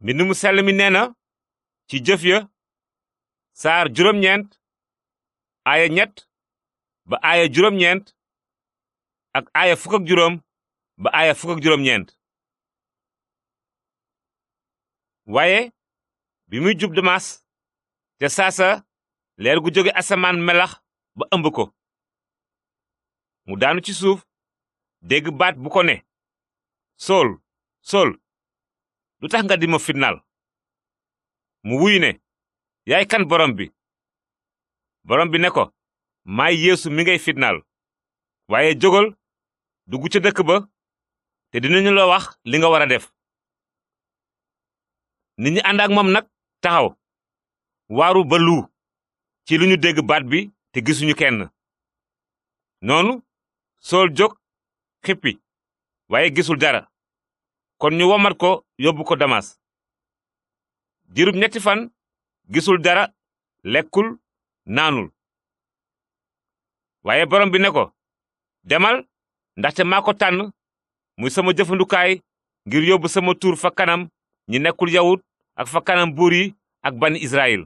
mbind mu sell nee na ci jëf ya saar juróom-ñeent aaya ñett ba aaya juróom-ñeent ak aaya fukk ak juróom ba aaya fukk juróom-ñeent waaye bi muy jub damas te saasa leer gu jóge asamaan melax ba ëmb ko mu daanu ci suuf dégg baat bu ko ne sool sool lu tax nga di ma fitnaal mu wuyu ne yaay kan borom bi borom bi ne ko maay yeesu mi ngay fitnaal waaye jógal dugg ca dëkk ba te dinañu la wax li nga war a def ni ñu ànd moom nag taxaw waaru ba luu ci luñu dégg baat bi te gisuñu kenn noonu sool jóg xippi waaye gisul dara kon ñu womat ko yóbbu ko damas jirub ñetti fan gisul dara lekkul naanul waaye borom bi ne ko demal ndaxte maa ko tànn muy sama jëfandukaay ngir yóbbu sama tuur fa kanam ñi nekkul yawut ak fa kanam buur yi ak bani israyil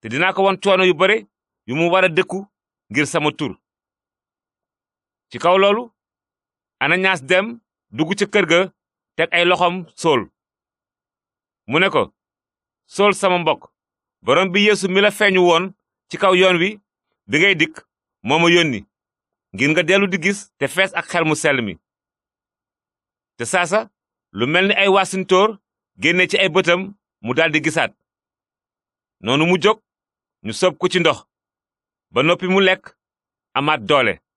te dinaa ko won coono yu bare yu mu war a dëkku ngir sama tur ci kaw loolu ananias dem dugg ca kër ga teg ay loxoom sool mu ne ko sool sama mbokk borom bi yeesu mi la feeñu woon ci kaw yoon wi bi ngay dikk moo ma yónni ngir nga dellu di gis te fees ak xel mu sell mi te saasa lu mel ni ay waasintóor génne ci ay bëtam mu daldi gisaat noonu mu jóg ñu sob ko ci ndox ba noppi mu lekk amaat doole